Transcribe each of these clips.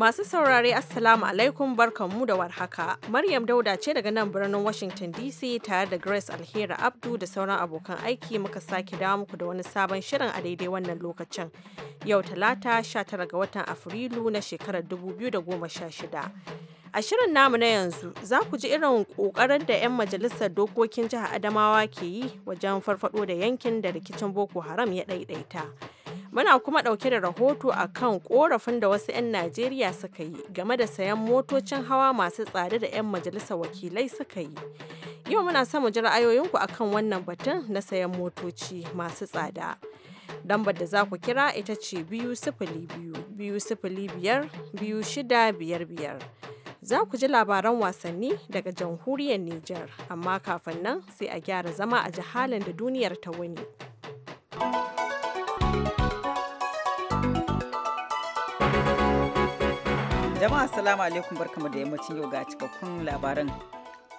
Masu saurare Assalamu alaikum barkanmu da warhaka. Maryam Dauda ce daga nan birnin Washington DC tare da Grace Alhera Abdu da sauran abokan aiki muka sake dawo muku da wani sabon shirin a daidai wannan lokacin. Yau Talata 19 ga watan Afrilu na shekarar 2016. A shirin namu na yanzu za ku ji irin ƙoƙarin da 'yan majalisar dokokin jihar Adamawa ke yi wajen farfado da yankin da rikicin Boko Haram ya ɗaiɗaita. Muna kuma ɗauke da rahoto a kan ƙorafin da wasu 'yan Najeriya suka yi game da sayan motocin hawa masu tsada da 'yan majalisa wakilai suka yi. Yau muna son mu ji ra'ayoyinku a kan wannan batun na sayan motoci masu tsada. Lambar da za ku kira ita ce biyu sifili biyu biyu sifili biyar biyu shida biyar biyar. Za ku ji labaran wasanni daga jamhuriyar Nijar, amma kafin nan sai a gyara zama a jihalin da duniyar ta wuni. Jama'a salamu alaikum barkamu da yammacin yau ga cikakkun labaran.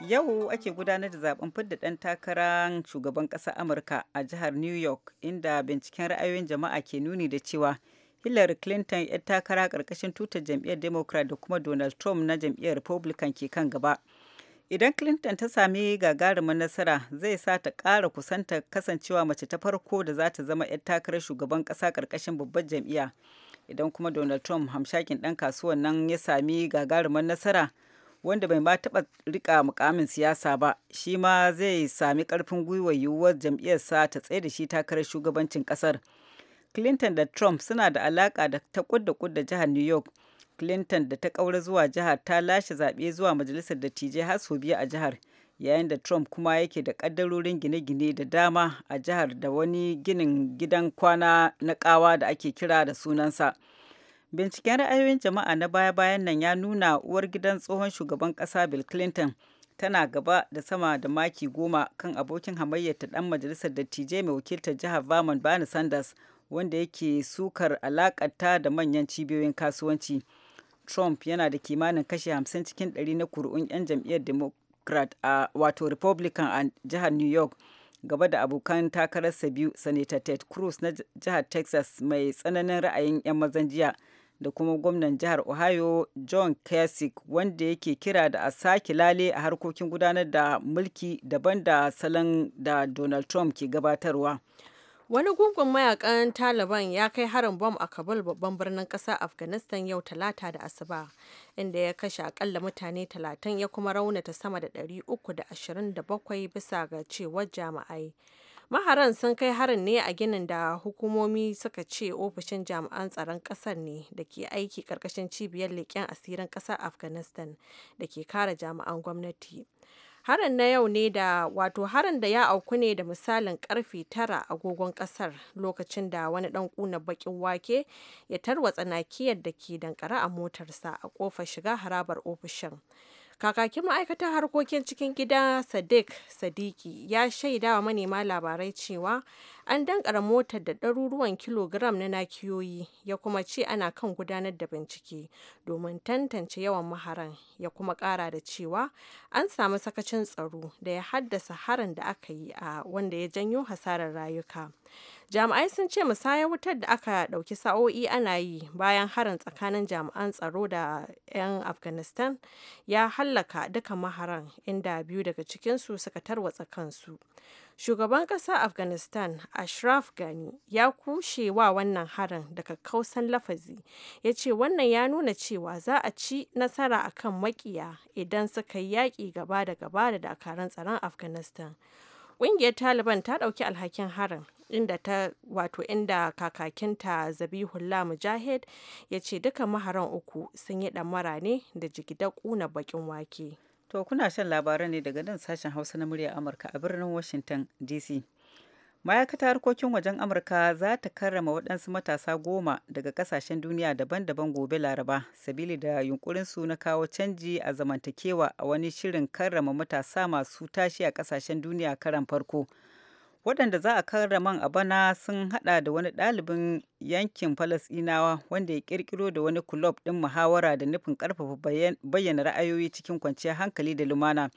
Yau ake gudanar da zaben fidda ɗan takarar shugaban ƙasar Amurka a jihar New York inda binciken ra'ayoyin jama'a ke nuni da cewa Hillary Clinton 'yar takara karkashin tutar jam'iyyar Democrat da kuma Donald Trump na jam'iyyar Republican ke kan gaba. Idan Clinton ta sami gagarumin nasara zai sa ta kara kusanta kasancewa mace ta farko da za ta zama 'yar takarar shugaban ƙasa karkashin babbar jam'iyya. idan kuma donald trump hamshakin ɗan kasuwan nan ya sami gagarumar nasara wanda bai ma taɓa rika mukamin siyasa ba shi ma zai sami ƙarfin gwiwa yiwuwar jam'iyyarsa ta tsaye da shi takarar shugabancin ƙasar clinton da trump suna da alaƙa da ta kudda kudda jihar new york clinton da ta ƙaura zuwa jihar ta lashe zaɓe zuwa majalisar dattijai har sau biyu a jihar yayin da trump kuma yake da ƙaddarorin gine-gine da dama a jihar da wani ginin gidan kwana na kawa da ake kira da sunansa binciken ra'ayoyin jama'a na baya-bayan nan ya nuna uwar gidan tsohon shugaban ƙasa bill clinton tana gaba da sama da maki goma kan abokin hamayyar ta dan majalisar dattijai mai wakiltar jihar vermont bernie sanders wanda yake sukar alakata da manyan cibiyoyin kasuwanci trump yana da kimanin kashe 50 cikin 100 na kuri'un 'yan jam'iyyar democrat a wato republican a jihar new york gaba da abokan takararsa biyu senator ted cruz na jihar texas mai tsananin ra'ayin 'yan mazan jiya da kuma gwamnan jihar ohio john kasich wanda yake kira da a sake lale a harkokin gudanar da mulki daban da salon da donald trump ke gabatarwa Wani gungun mayakan Taliban ya kai harin bom a Kabul babban birnin kasa Afghanistan yau talata da asuba, inda ya kashe akalla mutane talatin ya kuma raunata sama da 327 bisa ga cewar jami'ai. Maharan sun kai harin ne a ginin da hukumomi suka ce ofishin jami'an tsaron ƙasar ne da ke aiki ƙarƙashin cibiyar leƙen asirin ƙasar Afghanistan da ke kare jami'an gwamnati. Harin na yau ne da wato harin da ya auku ne da misalin karfe tara agogon kasar lokacin da wani dan kuna bakin wake ya tarwatsa nakiyar da ke dankara a motarsa a kofar shiga harabar ofishin. Kakakin ma'aikatar harkokin cikin gida Sadiq Sadiki ya shaida wa manema labarai cewa an dankara motar da ɗaruruwan kilogram na nakiyoyi ya kuma ce ana kan gudanar da bincike domin tantance yawan maharan ya kuma ƙara da cewa an samu sakacin tsaro da ya haddasa harin da aka yi a wanda ya janyo hasarar rayuka. jami'ai sun ce musayar wutar da aka ɗauki sa'o'i ana yi bayan harin tsakanin jami'an tsaro da 'yan afghanistan ya hallaka duka maharan inda biyu daga cikinsu suka tarwatsa kansu shugaban ƙasa afghanistan ashraf gani ya kushe wa wannan harin daga kausan lafazi ya ce wannan ya nuna cewa za a ci nasara akan makiya idan suka yi yaƙi gaba da gaba da dakarun tsaron afghanistan ƙungiyar taliban ta ɗauki alhakin harin inda ta wato inda kakakinta zabihullah mujahid ya ce duka maharan uku sun yi ɗamara ne da jigida ƙuna bakin wake to kuna shan labaran ne daga nan sashen hausa na murya amurka a birnin washington dc ma'aikatar harkokin wajen amurka za ta karrama waɗansu matasa goma daga ƙasashen duniya daban-daban gobe laraba sabili da yunkurinsu na kawo canji a zamantakewa a wani shirin karrama matasa masu tashi a ƙasashen duniya karan farko waɗanda za a karraman a bana sun hada da wani ɗalibin yankin falasɗinawa wanda ya ƙirƙiro da wani kulob ɗin muhawara da nufin ƙarfafa bayyana ra'ayoyi cikin kwanciyar hankali da lumana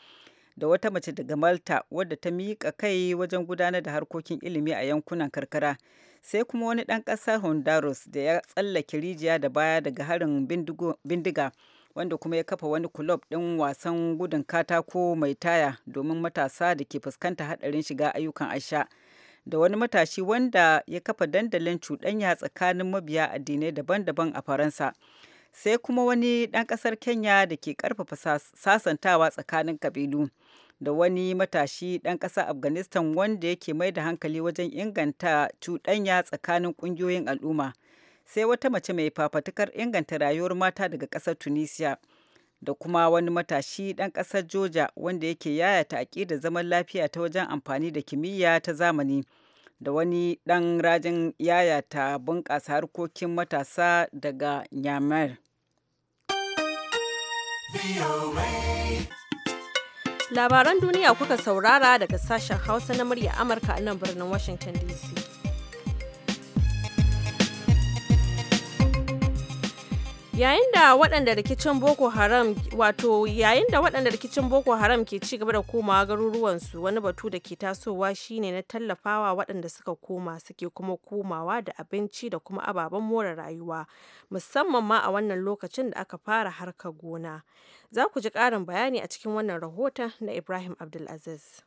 da wata mace daga malta wadda ta miƙa kai wajen gudanar da harkokin ilimi a yankunan karkara sai kuma wani ɗan ƙasar honduras da ya tsallake rijiya da baya daga harin bindiga wanda kuma ya kafa wani kulob ɗin wasan gudun katako mai taya domin matasa da ke fuskanta haɗarin shiga ayyukan aisha da wani matashi wanda ya kafa dandalin cuɗanya tsakanin mabiya addinai daban-daban a faransa sai kuma wani ɗan ƙasar kenya da ke ƙarfafa sasantawa tsakanin kabilu da wani matashi ɗan ƙasar afghanistan wanda yake mai da hankali wajen inganta cuɗanya tsakanin ƙungiyoyin al'umma sai wata mace mai fafatukar inganta rayuwar mata daga ƙasar tunisia da kuma wani matashi ɗan ƙasar joja wanda yake yayata aƙidar zaman lafiya ta wajen amfani da kimiyya ta zamani da wani ɗan rajin yayata bunƙasa harkokin matasa daga nyamar labaran duniya kuka saurara daga sashen hausa na murya amurka a nan birnin washington dc yayin da waɗanda rikicin boko haram wato yayin da waɗanda rikicin boko haram ke ci gaba da komawa garuruwansu wani batu da ke tasowa shine na tallafawa waɗanda suka koma suke kuma komawa da abinci da kuma ababen more rayuwa musamman ma a wannan lokacin da aka fara harka gona za ku ji ƙarin bayani a cikin wannan rahoton na ibrahim abdulaziz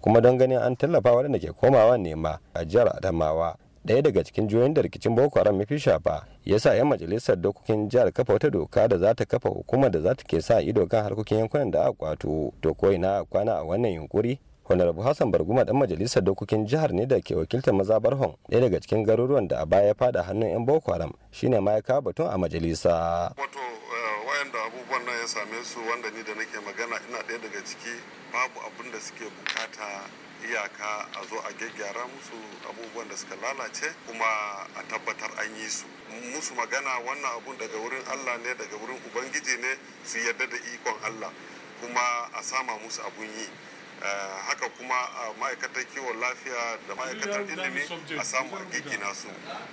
kuma don ganin an tallafa waɗanda ke komawa ne ma a jihar adamawa ɗaya daga cikin juyoyin da rikicin boko haram fi shafa ya sa 'yan majalisar dokokin jihar kafa wata doka da za ta kafa hukumar da za ta ke sa ido kan harkokin yankunan da aka kwato to ko ina kwana a wannan yunkuri honorable hassan barguma dan majalisar dokokin jihar ne da ke wakiltar maza barhon? ɗaya daga cikin garuruwan da a baya fada hannun 'yan boko haram shine ma ya kawo batun a majalisa wato eh, wayanda abubuwan nan ya same su wanda ni da nake magana ina ɗaya daga ciki babu abun da suke bukata iyaka a zo a gyaggyara musu abubuwan da suka lalace kuma a tabbatar an yi su musu magana wannan abun daga wurin allah ne daga wurin ubangiji ne su yarda da ikon allah kuma a sama musu abun yi eh, haka kuma a ma'aikatar kiwon lafiya da ma'aikatar ilimi a samu a gigina su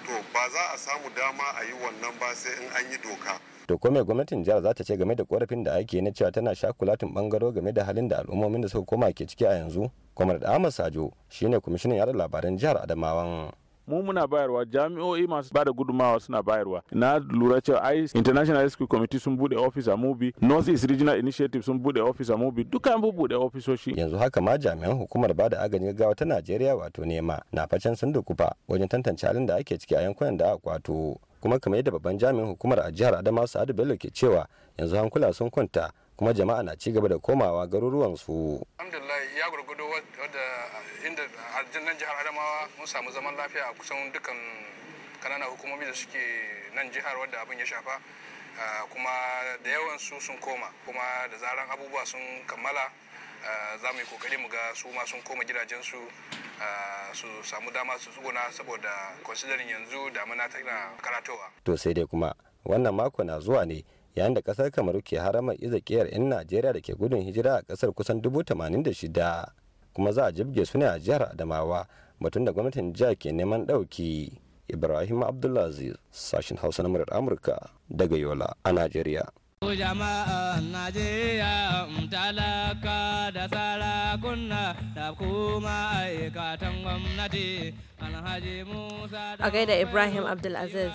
to ba za a samu dama a yi wannan ba sai in an yi doka to ko mai gwamnatin jihar za ta ce game da korafin da ake na cewa tana shakulatin bangaro game da halin da al'ummomin da suka koma ke ciki a yanzu kwamar da ahmad sajo shine kwamishinan yada labaran jihar adamawan mu muna bayarwa jami'o'i masu ba da gudumawa suna bayarwa na lura cewa ai international rescue committee sun bude office a mubi north east regional initiative sun bude office a mubi duka an bude ofisoshi yanzu haka ma jami'an hukumar ba da agajin gaggawa ta najeriya wato nema na facen sun dukufa wajen tantance halin da ake ciki a yankunan da aka kwato kuma kamar yadda babban jami'in hukumar a jihar adamawa sa'adu bello ke cewa yanzu hankula sun kwanta kuma jama'a na cigaba da komawa garuruwansu. alhamdulillah ya gurgudo wadda inda nan jihar adamawa mun samu zaman lafiya a kusan dukkan kananan hukumomi da suke nan jihar wadda abin ya shafa ah, kuma da yawan su sun koma kuma da zaran abubuwa sun kammala za mu yi kokari mu ga su ma sun koma gidajensu su samu dama su tsuguna saboda considering yanzu da damuna tana karatowa. To sai dai kuma wannan mako na zuwa ne yayin da kasar kamaru ke haramar izakiyar 'yan najeriya da ke gudun hijira a kasar kusan dubu shida kuma za a jibge su ne a jihar adamawa batun da gwamnatin jihar ke neman ɗauki ibrahim abdulaziz sashen hausa na murar amurka daga yola a najeriya jama'a Najeriya um, talaka da sarakuna da kuma aikatan gwamnati Alhaji Musa. A gaida Ibrahim Abdulaziz.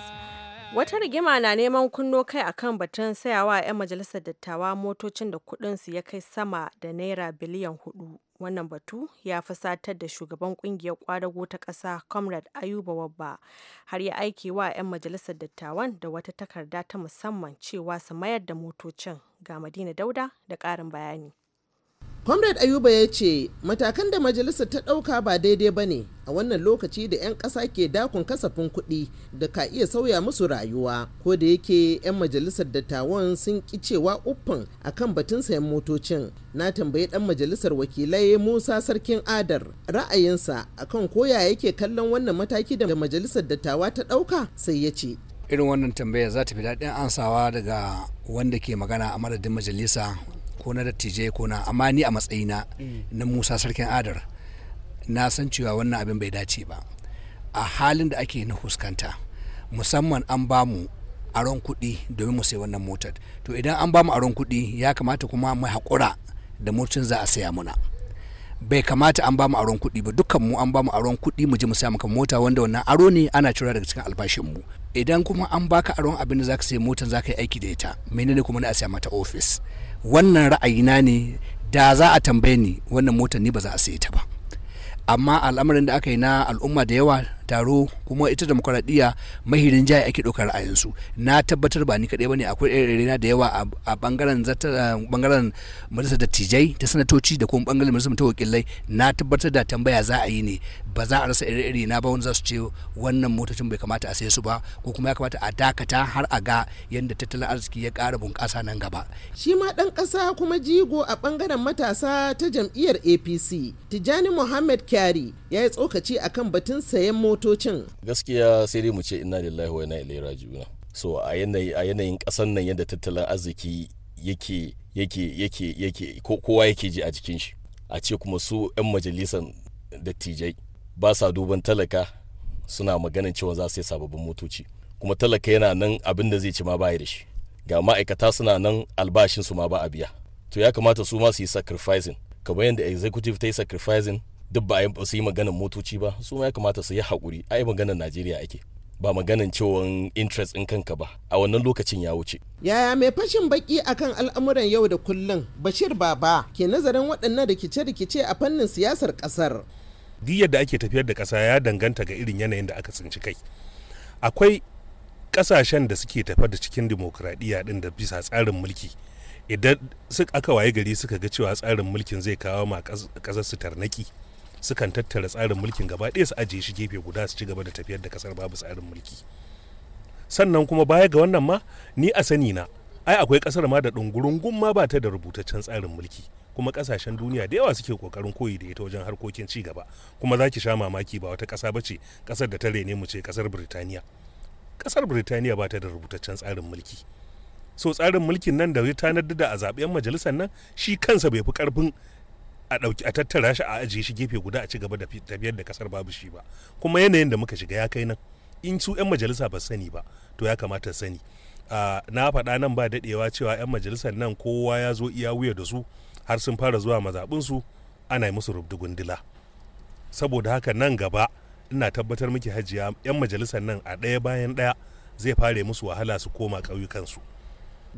Wata rigima na neman kunno kai akan batun sayawa 'yan majalisar dattawa motocin da kudinsu ya kai sama da naira biliyan hudu. Wannan batu ya fusatar da shugaban kungiyar kwadago ta ƙasa Comrade Ayuba Wabba har ya aiki wa 'yan majalisar dattawan da wata takarda ta musamman cewa su mayar da motocin ga Madina Dauda da ƙarin bayani. comrade ayuba ya ce matakan da majalisa ta ɗauka ba daidai ba ne a wannan lokaci da 'yan ƙasa ke dakon kasafin kuɗi da ka iya sauya musu rayuwa ko da yake 'yan majalisar dattawan sun ƙi cewa uffan a kan batun sayan motocin na tambayi ɗan majalisar wakilai musa sarkin adar ra'ayinsa a kan koya yake kallon wannan mataki da majalisar dattawa ta ɗauka sai ya ce irin wannan tambaya za ta fi daɗin ansawa daga wanda ke magana a madadin majalisa ko na dattijai ko na amma ni a matsayina na musa sarkin adar na san cewa wannan abin bai dace ba a halin da ake na huskanta musamman an ba mu aron kuɗi domin mu sai wannan motar to idan an ba mu aron kuɗi ya kamata kuma mu haƙura da motocin za a saya muna bai kamata an ba mu aron kuɗi ba dukkan mu an ba mu aron kuɗi mu je mu saya maka mota wanda wannan aro ne ana cira daga cikin albashin mu idan kuma an baka aron abin da zaka sai motar zaka yi aiki da ita menene kuma na a siya mata ofis wannan ra'ayina ne da za a tambaye ni wannan motar ni ba za a saye ta ba amma al'amarin da aka yi na al'umma da yawa taro kuma ita demokaradiyya mahirin jaya ake ɗaukar ra'ayinsu na tabbatar ba ni kaɗai bane akwai akwai na da yawa a bangaren bangaren majalisar dattijai ta sanatoci da kuma bangaren majalisar mutum wakilai na tabbatar da tambaya za a yi ne ba za a rasa iri-iri na ba wani za su ce wannan motocin bai kamata a sai su ba ko kuma ya kamata a dakata har a ga yadda tattalin arziki ya kara bunƙasa nan gaba. shi ma ɗan ƙasa kuma jigo a bangaren matasa ta jam'iyyar apc tijjani muhammad kyari ya yi tsokaci akan batun sayan mota motocin gaskiya sai dai mu ce inna lillahi wa inna ilaihi raji'un so a yanayin kasan nan yadda tattalin arziki yake yake yake yake kowa yake ji a jikin shi a ce kuma su 'yan majalisan dattijai ba sa duban talaka suna maganin cewa za su yi sababbin motoci kuma talaka yana nan abin da zai ci ma ba da shi ga ma'aikata suna nan albashin su ma ba a biya to ya kamata su ma su yi sacrificing kamar yadda executive ta yi sacrificing duk ba a yi maganan motoci ba su ma ya kamata su yi haƙuri a yi maganan najeriya ake ba maganan cewon interest in kanka ba a wannan lokacin ya wuce yaya mai fashin baki akan al'amuran yau da kullum bashir baba ke nazarin waɗannan rikice-rikice a fannin siyasar ƙasar duk da ake tafiyar da ƙasa ya danganta ga irin yanayin da aka tsinci kai akwai ƙasashen da suke tafa da cikin dimokuraɗiyya ɗin da bisa tsarin mulki idan aka waye gari suka ga cewa tsarin mulkin zai kawo ma ƙasar su tarnaki sukan tattara tsarin mulkin gaba ɗaya su ajiye shi gefe guda su ci gaba da tafiyar da kasar babu tsarin mulki sannan kuma baya ga wannan ma ni a sani na ai akwai kasar ma da ɗungurungun ma ba ta da rubutaccen tsarin mulki kuma kasashen duniya da yawa suke kokarin koyi da ita wajen harkokin ci gaba kuma za ki sha mamaki ba wata ƙasa ba ce ƙasar da ta rene mu ce ƙasar birtaniya ƙasar birtaniya ba ta da rubutaccen tsarin mulki so tsarin mulkin nan da ya tanar da a zaɓen majalisar nan shi kansa bai fi karfin a ɗauki a tattara shi a ajiye shi gefe guda a ci gaba da tafiyar da kasar babu shi ba kuma yanayin da muka shiga ya kai nan in su 'yan majalisa ba sani ba to ya kamata sani na faɗa nan ba daɗewa cewa 'yan majalisar nan kowa ya zo iya wuya da su har sun fara zuwa mazaɓinsu ana yi musu rubdugun dila saboda haka nan gaba ina tabbatar miki hajiya 'yan majalisar nan a ɗaya bayan ɗaya zai fara musu wahala su koma ƙauyukansu.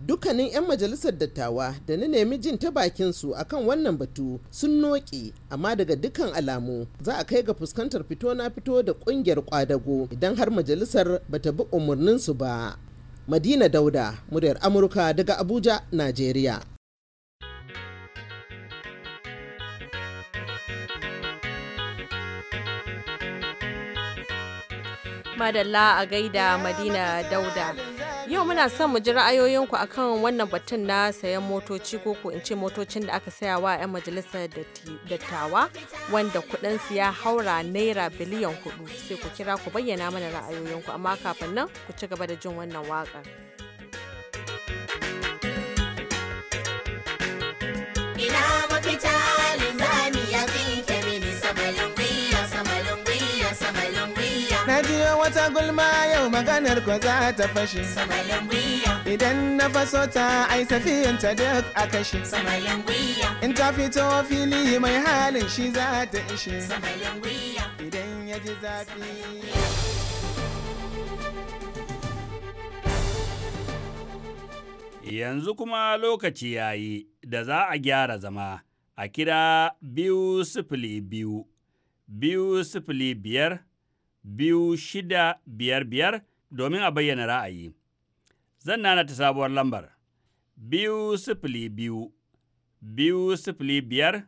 dukkanin 'yan majalisar dattawa da na nemi jin ta bakin su akan wannan batu sun noki amma daga dukkan alamu za a kai ga fuskantar fito na fito da kungiyar kwadago idan har majalisar bata bi umarnin su ba madina dauda muryar amurka daga abuja najeriya madalla a gaida madina dauda Yau muna son mu ji ra'ayoyinku akan wannan batun na sayan motoci ko ko in ce motocin da aka saya wa 'yan majalisar dattawa wanda su ya haura naira biliyan kuɗu sai ku kira ku bayyana mana ra'ayoyinku amma kafin nan ku ci gaba da jin wannan waƙar. Ina mafita wata gulma yau maganar ko za ta fashe idan na faso ta ai safiyan ta duk a kashe in ta fito fili mai halin shi za ta ishe idan ya ji zafi yanzu kuma lokaci ya yi da za a gyara zama a kira biyu sifili biyu biyu sifili biyar biyu shida biyar biyar domin a bayyana ra'ayi. Zan nana ta sabuwar lambar biyu sifili biyu, biyu sifili biyar,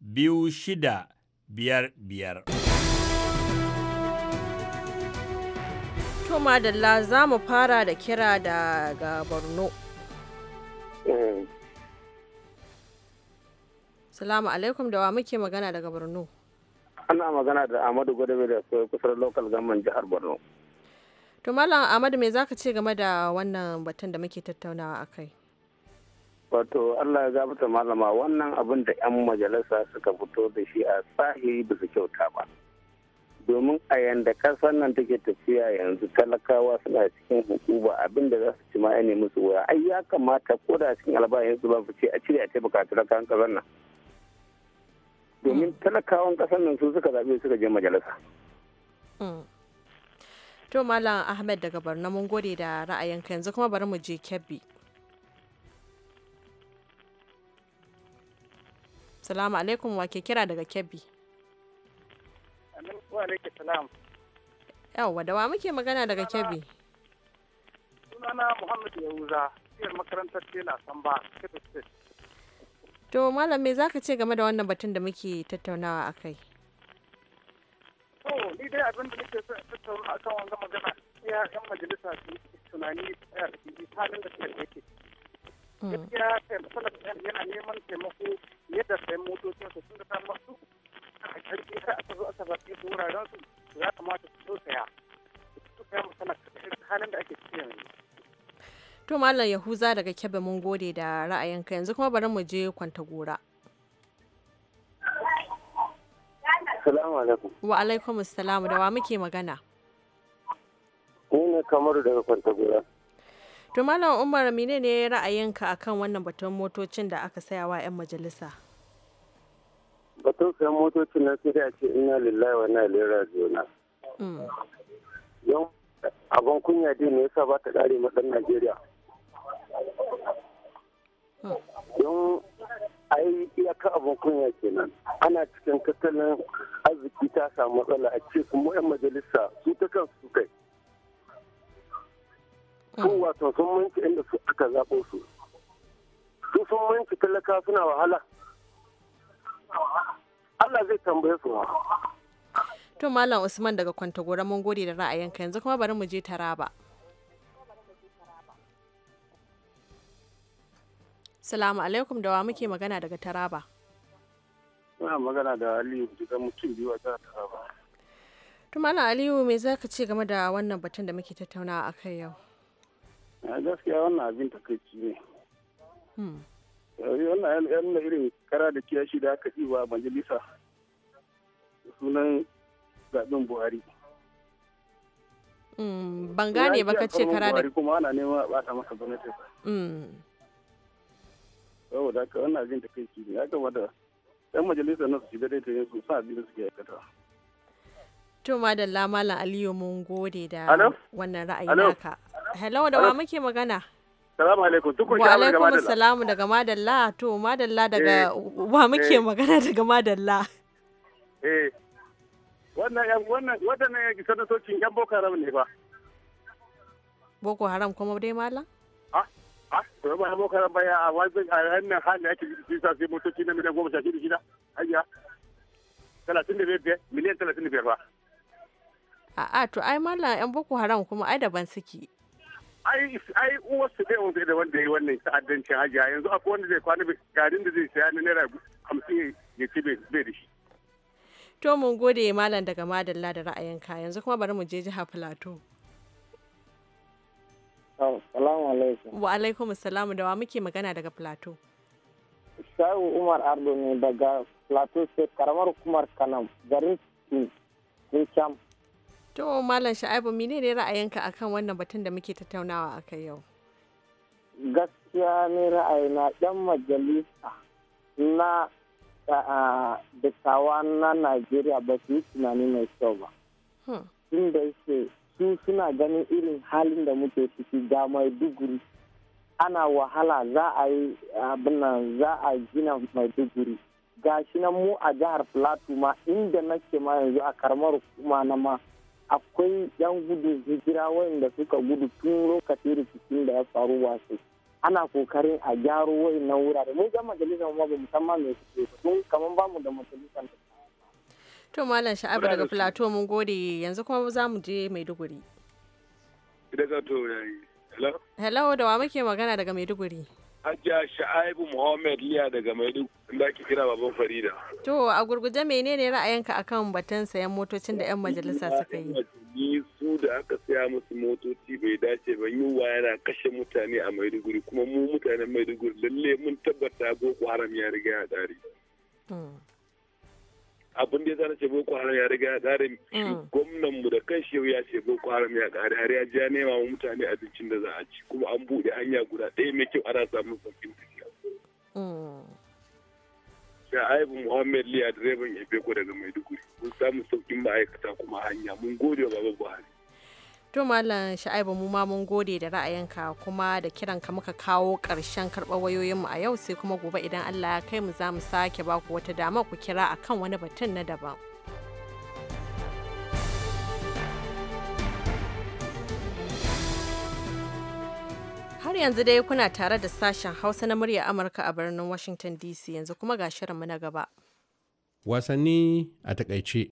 biyu shida biyar biyar. To madalla za mu fara da kira daga Borno. Eh. Salamu alaikum da wa muke magana daga Borno. ana magana da Ahmadu Gwadabe da kusur local government jihar Borno. To Malam Ahmadu me zaka ce game da wannan batun da muke tattaunawa a kai? Wato Allah ya gabata malama wannan abin da 'yan majalisa suka fito da shi a tsahiri ba su kyauta ba. Domin a yanda kasar nan take tafiya yanzu talakawa suna cikin hukuma abin da za su ci ma ya nemi su wuya. Ai ya kamata ko da cikin albayansu ba su ce a cire a taimaka talakan kasar nan. domin talakawan kasan nan su suka zaɓe suka je majalisa. Hmm. To Malam Ahmed daga Barna mun gode da ra'ayinka yanzu kuma bari mu je Kebbi. Salamu alaikum wa ke kira daga Kebbi. Wa alaikum salam. Yawwa da wa muke magana daga Kebbi? Sunana Muhammad Yahuza, siyar makarantar Tela Samba, Kebbi State. To malam me zaka ce game da wannan batun da muke tattaunawa a kai. To ni dai abin da nake tattauna akan wannan magana ya yan majalisa su tunani eh, halin da suke yake. Mm. Gaskiya eh, matsalar yana neman taimako yadda sai motocin su sun da ta su a karfi kar aka zo aka zaɓe su wuraren su ya kamata su tausaya. Su tausaya matsalar halin da ake ciki yanzu. To Malam Yahuza daga kebe mun gode da ra'ayinka yanzu kuma bari mu je kwanta gora. Wa alaikum assalamu da wa muke magana. ne daga kwanta gora. To Malam Umar mine ne ra'ayinka akan wannan batun motocin da aka saya wa 'yan majalisa? Batun sayan motocin na sai a ce ina lillahi wa ina lera raji'un. Yau mm. abin kunya dai ne yasa ba ta kare matsan Najeriya. Don a yi iyaka abin kunya kenan. Ana cikin tattalin arziki ta samu matsala a ce kuma 'yan majalisa su ta kan su kai. su hmm. wato sun manci inda su aka zaɓo su. Su sun manci talaka suna wahala. Allah zai tambaye su To Malam Usman daga Kwantagora mun gode da ra'ayinka yanzu kuma bari mu je Taraba. Salamu alaikum da wa muke magana daga Taraba. Muna magana da Aliyu da mutum biyu a jihar Taraba. Tumana Aliyu me za ka ce game da wannan batun da muke tattaunawa a kai yau? na Gaskiya wannan abin takaici ne. Hmm. Eh, wannan yana irin kara da kiyashi da aka wa majalisa sunan zaɓen Buhari. Hmm, ban gane ba ka ce kara da... kuma ana neman a ɓata masa gwamnati. Hmm. saboda haka wannan abin da kai ne ya kamata yan majalisar nan su shiga dai ta yin su sa abin da suke aikata. To madalla Malam Aliyu mun gode da wannan ra'ayi naka. Hello da wa muke magana? Salamu alaikum tukun shi daga Madalla. Wa alaikum salamu daga Madalla to Madalla daga eh, wa muke eh. magana daga Madalla. Eh wannan yan wannan ya kisa yan sanatocin yan Boko Haram ne ba. Boko Haram kuma dai Malam? Ah to ba mu karan baya a wannan hali ake yi sa sai motoci na miliyan goma sha shida shida hayya talatin da biyar miliyan talatin da biyar ba. A'a to ai mallam yan boko haram kuma ai daban suke. ai ai uwarsu zai wanzu da wanda ya yi wannan ta'addancin hajiya yanzu akwai wanda zai kwana garin da zai saya na naira hamsin ya ce bai da shi. To mun gode malam daga madalla da ra'ayinka yanzu kuma bari mu je jiha plateau. Wa alaikum da wa muke magana daga Plateau. Shawu Umar Ardo ne daga Plateau State karamar hukumar Kanam garin Kincam. To Malam Sha'ibu mine ne ra'ayinka akan wannan batun da muke tattaunawa akai yau? Gaskiya ne ra'ayi na ɗan majalisa na dattawa na Najeriya ba su yi tunani mai kyau ba. Hmm. Tun da yake su suna ganin irin halin da muke ciki ga maiduguri ana wahala za a yi abin za a gina maiduguri ga shi nan mu a jihar filatu ma inda nake ma yanzu a karamar hukuma na ma akwai yan gudu hijira wayanda suka gudu tun lokacin rikicin da ya faru wasu ana kokarin a gyaro wayannan wurare mu ga majalisar ma ba musamman mai suke tun kamar mu da majalisar To Malam Sha'abu daga Plateau mun gode yanzu kuma za mu je Maiduguri. Daga to yayi. Hello? Hello da wa muke magana daga Maiduguri? Hajja Sha'aibu Muhammad Liya daga Maiduguri da ake kira baban Farida. To a gurguje menene ra'ayinka akan batun sayan motocin da 'yan majalisa suka yi? Ni su da aka saya musu motoci bai dace ba yiwuwa yana kashe mutane a Maiduguri kuma mu mutanen Maiduguri lalle mun tabbata Boko Haram ya riga ya dare. Hmm. abin da ya zana ce boko haram ya riga ya kare mm. gwamnan mu da kan shi ya ce boko haram ya kare har ya ji ya nema wa mutane abincin da za a ci kuma an buɗe hanya guda ɗaya mai kyau ana samun sauƙin tafiya. da mm. aibu muhammed liya direban ebeko daga maiduguri mun samu sauƙin ma'aikata kuma hanya mun gode wa baba buhari. To Malam Sha'ibu mu ma mun gode da ra'ayinka kuma da kiranka muka kawo ƙarshen karɓar wayoyinmu a yau sai kuma gobe idan Allah ya kai mu za mu sake baku wata dama ku kira akan wani batun na daban. Har yanzu dai kuna tare da sashen Hausa na murya Amurka a birnin Washington DC yanzu kuma ga shirinmu na gaba. Wasanni a takaice.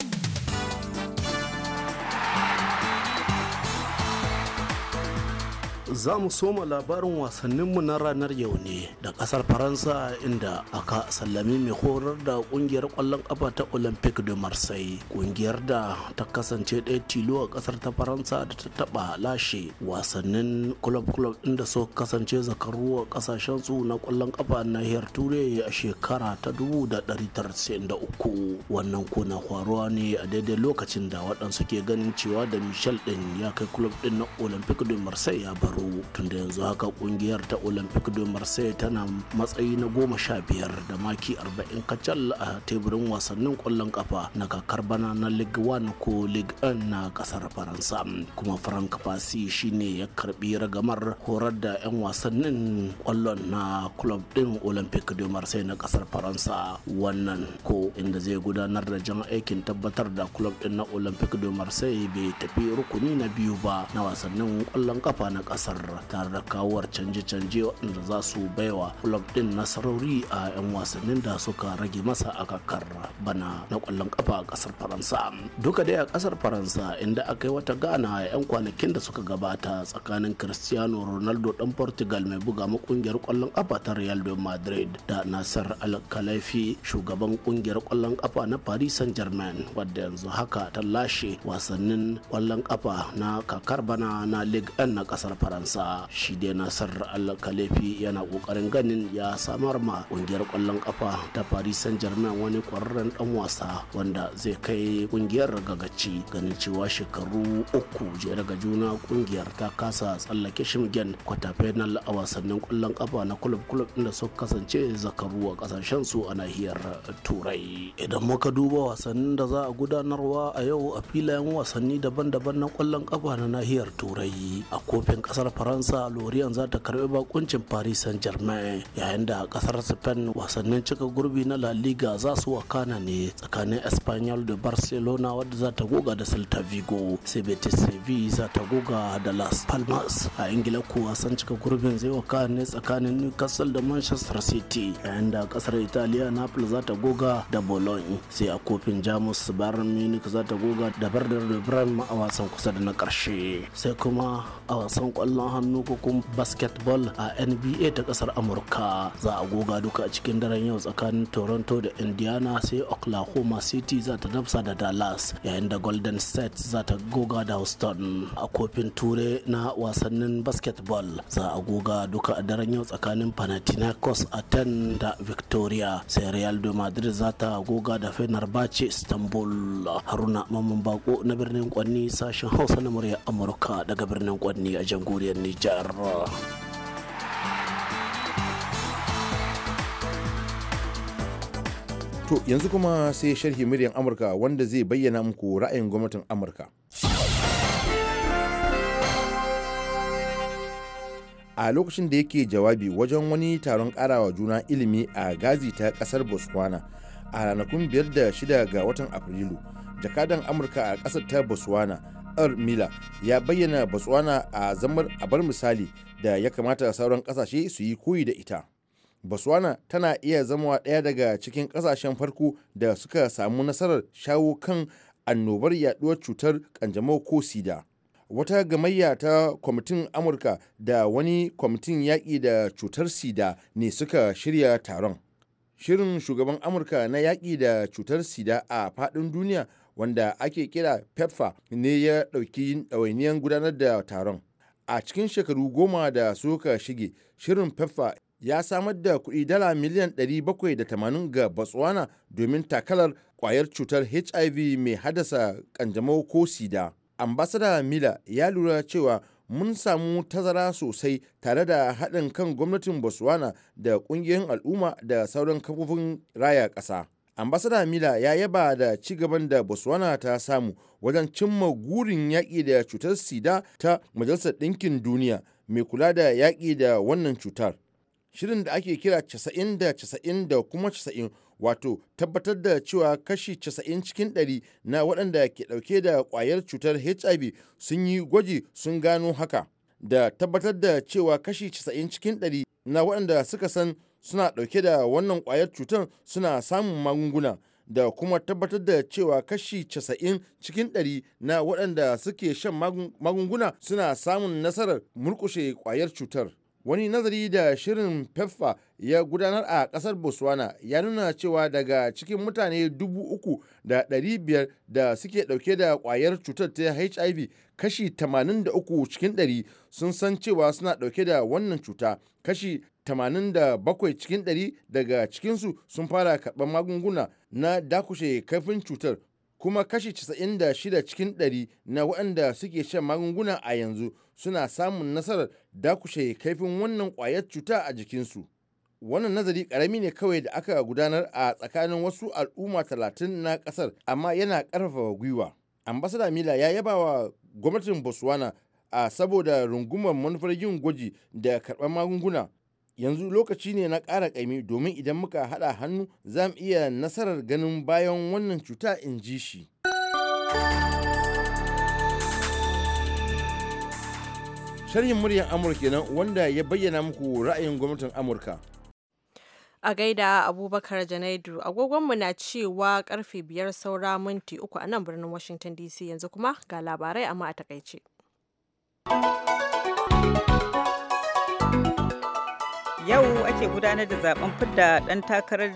za mu soma labarin wasanninmu na ranar yau ne da kasar faransa inda aka sallami mai horar da kungiyar kwallon kafa ta olympic de marseille kungiyar da ta kasance ɗaya tilo a kasar ta faransa da ta taba lashe wasannin club club inda su kasance zakaru a kasashen su na kwallon kafa nahiyar turai a shekara ta uku wannan kuna faruwa ne a daidai lokacin da waɗansu ke ganin cewa da michel din ya kai club din na olympic de marseille ya baro tun da yanzu haka kungiyar ta olympic de marseille tana matsayi na goma sha biyar da maki arba'in kacal a teburin wasannin kwallon kafa na kakar bana na ligue 1 ko ligue 1 na kasar faransa kuma frank fasi shine ya karbi ragamar horar da 'yan wasannin kwallon na club din olympic de marseille na kasar faransa wannan ko inda zai gudanar da jan aikin tabbatar da club din na olympic de marseille bai tafi rukuni na biyu ba na wasannin kwallon kafa na kasar tare da kawar canje-canje waɗanda za su baiwa club din nasarori a 'yan wasannin da suka rage masa a kakar bana na ƙwallon kafa a ƙasar faransa duka dai a ƙasar faransa inda aka yi wata gana a 'yan kwanakin da suka gabata tsakanin cristiano ronaldo ɗan portugal mai buga ma ƙungiyar ƙwallon kafa ta real de madrid da nasar alkalafi shugaban ƙungiyar kwallon kafa na paris saint germain wadda yanzu haka ta lashe wasannin ƙwallon kafa na kakar bana na ligue 1 na ƙasar faransa kansa shi dai nasar allah kalefi yana kokarin ganin ya samar ma kungiyar kwallon kafa ta paris saint germain wani kwararren dan wasa wanda zai kai kungiyar gagaci ganin cewa shekaru uku je daga juna kungiyar ta kasa tsallake shimgen kwata final a wasannin kwallon kafa na kulub club da suka kasance zakaru a kasashen su a nahiyar turai idan muka duba wasannin da za a gudanarwa a yau a filayen wasanni daban-daban na kwallon kafa na nahiyar turai a kofin kasa kasar faransa lorian za ta karbi bakuncin paris saint germain yayin da kasar spain wasannin cika gurbi na la liga za su wakana ne tsakanin espanyol da barcelona wadda za ta goga da celta vigo sai betis za ta goga da las palmas a ingila kuwa wasan cika gurbin zai wakana ne tsakanin newcastle da manchester city yayin da kasar italiya napoli za ta goga da bologna sai a kofin jamus bayern munich za ta goga da bardar da a wasan kusa da na karshe sai kuma a wasan kwallon kwallon hannu ko kuma basketball a nba ta kasar amurka za a goga duka a cikin daren yau tsakanin toronto da indiana sai oklahoma city za ta dafsa da dallas yayin da golden state za ta goga da houston a kofin ture na wasannin basketball za a goga duka a daren yau tsakanin panathinaikos aten da victoria sai real de madrid za ta goga da fenerbahce istanbul haruna mamman bako na birnin kwanni sashen hausa na murya amurka daga birnin kwanni a jamhuriyar jamhuriyar nijar To yanzu kuma sai sharhi muryar Amurka wanda zai bayyana muku ra'ayin gwamnatin Amurka. A lokacin da yake jawabi wajen wani taron karawa juna ilimi a gazi ta kasar Botswana a ranakun 5 da 6 ga watan Afrilu, jakadan Amurka a kasar ta Botswana ar mila ya bayyana botswana a zamar abar misali da ya kamata sauran kasashe su yi koyi da ita botswana tana iya zama ɗaya daga cikin kasashen farko da suka samu nasarar shawo kan annobar yaduwar cutar kanjamau ko sida wata gamayya ta kwamitin amurka da wani kwamitin yaƙi da cutar sida ne suka shirya taron shirin shugaban amurka na yaƙi da cutar sida a faɗin duniya wanda ake kira pepfa ne ya ɗauki ɗawainiyar gudanar da taron a cikin shekaru goma da suka shige shirin pepfa ya samar da kuɗi dala miliyan 780 ga botswana domin takalar kwayar cutar hiv mai haddasa kanjamau ko sida ambasada mila ya lura cewa mun samu tazara sosai tare da haɗin kan gwamnatin botswana da ƙungiyoyin al'umma da sauran kafofin raya ƙasa ambasada mila ya yaba da ci gaban da botswana ta samu wajen cimma gurin yaƙi da cutar sida ta majalisar ɗinkin duniya mai kula da yaƙi da wannan cutar shirin da ake kira 90 da 90 da kuma 90 wato tabbatar da cewa kashi 90 cikin 100 na waɗanda ke ɗauke da ƙwayar cutar hiv sun yi gwaji sun gano haka da tabbatar da cewa kashi 90 cikin 100 na waɗanda suka san suna ɗauke da wannan kwayar cutar suna samun magunguna da kuma tabbatar da cewa kashi 90 cikin 100 na waɗanda suke shan magunguna suna samun nasarar murkushe kwayar cutar. Wani nazari da shirin PEPFA ya gudanar a ƙasar Botswana ya nuna cewa daga cikin mutane 3,500 da suke ɗauke da kwayar cutar ta HIV kashi 83 cikin 100 sun san cewa suna ɗauke da wannan cuta, kashi 87 cikin 100 daga cikinsu sun fara karɓar magunguna na dakushe kaifin cutar kuma kashi 96 cikin 100 na waɗanda suke shan magunguna a yanzu suna samun nasarar dakushe kaifin wannan kwayar cuta a jikinsu. wannan nazari karami ne kawai da aka gudanar a tsakanin wasu al'umma 30 na ƙasar. amma yana karfafa gwiwa ambasada mila ya yaba wa gwamnatin botswana a saboda rungumar manufar yin gwaji da karɓar magunguna yanzu lokaci ne na ƙara ƙaimi domin idan muka haɗa hannu za mu iya nasarar ganin bayan wannan cuta in ji shi. Sharhin muryar Amurka nan wanda ya bayyana muku ra'ayin gwamnatin Amurka. A gaida Abubakar Janaidu, agogonmu na cewa karfe biyar saura minti uku a nan birnin Washington DC yanzu kuma ga labarai amma a takaice. ke gudanar da zaben fidda dan takarar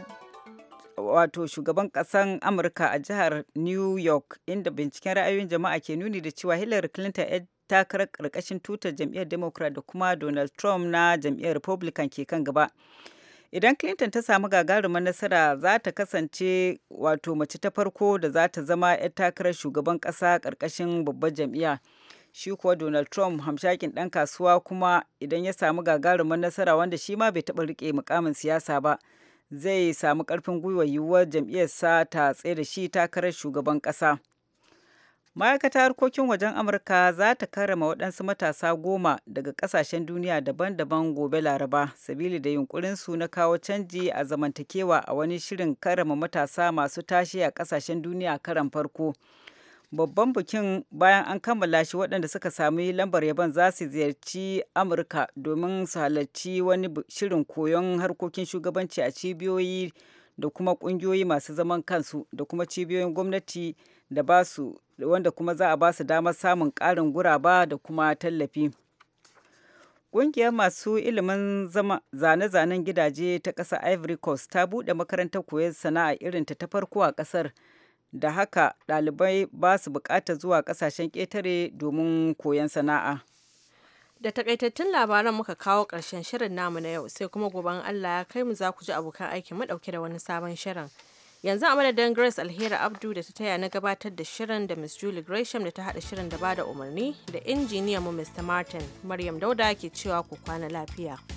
wato shugaban kasan amurka a jihar new york inda binciken ra'ayoyin jama'a ke nuni da cewa hillary clinton yar takarar karkashin tutar jam'iyyar democrat da kuma donald trump na jam'iyyar republican ke kan gaba idan clinton ta samu gagarumar nasara za ta kasance wato mace ta farko da za ta zama 'yar takarar shugaban kasa karkashin babbar jam'iyyar shi kuwa donald trump hamshakin ɗan kasuwa kuma idan ya samu gagarumin nasara wanda shi ma bai taɓa rike mukamin siyasa ba zai samu ƙarfin gwiwa yiwuwar jam'iyyarsa ta tsaye da shi takarar shugaban ƙasa ma'aikata harkokin wajen amurka za ta karama waɗansu matasa goma daga ƙasashen duniya daban-daban gobe laraba sabili da yunkurinsu na kawo canji a zamantakewa a wani shirin karama matasa masu tashi a ƙasashen duniya karan farko babban bikin bayan an kammala shi waɗanda suka sami lambar yabon za su ziyarci amurka domin su halarci wani shirin koyon harkokin shugabanci a cibiyoyi da kuma ƙungiyoyi masu zaman kansu da kuma cibiyoyin gwamnati da ba su wanda kuma za a ba su damar samun ƙarin guraba da kuma tallafi Ƙungiyar masu ilimin zane-zanen gidaje ta ƙasa Ivory Coast ta buɗe makarantar koyon sana'a irinta ta farko a ƙasar da haka ɗalibai ba su bukata zuwa ƙasashen ƙetare domin koyon sana'a. Da takaitattun labaran muka kawo ƙarshen shirin namu na yau sai kuma gobe Allah ya kai mu za ku ji abokan aiki madauke da wani sabon shirin. Yanzu a madadin Grace Alheri Abdu da ta taya na gabatar da shirin da Miss Julie Gresham da ta haɗa shirin da ba da umarni da injiniyan mu Mr. Martin Maryam Dauda ke cewa ku kwana lafiya.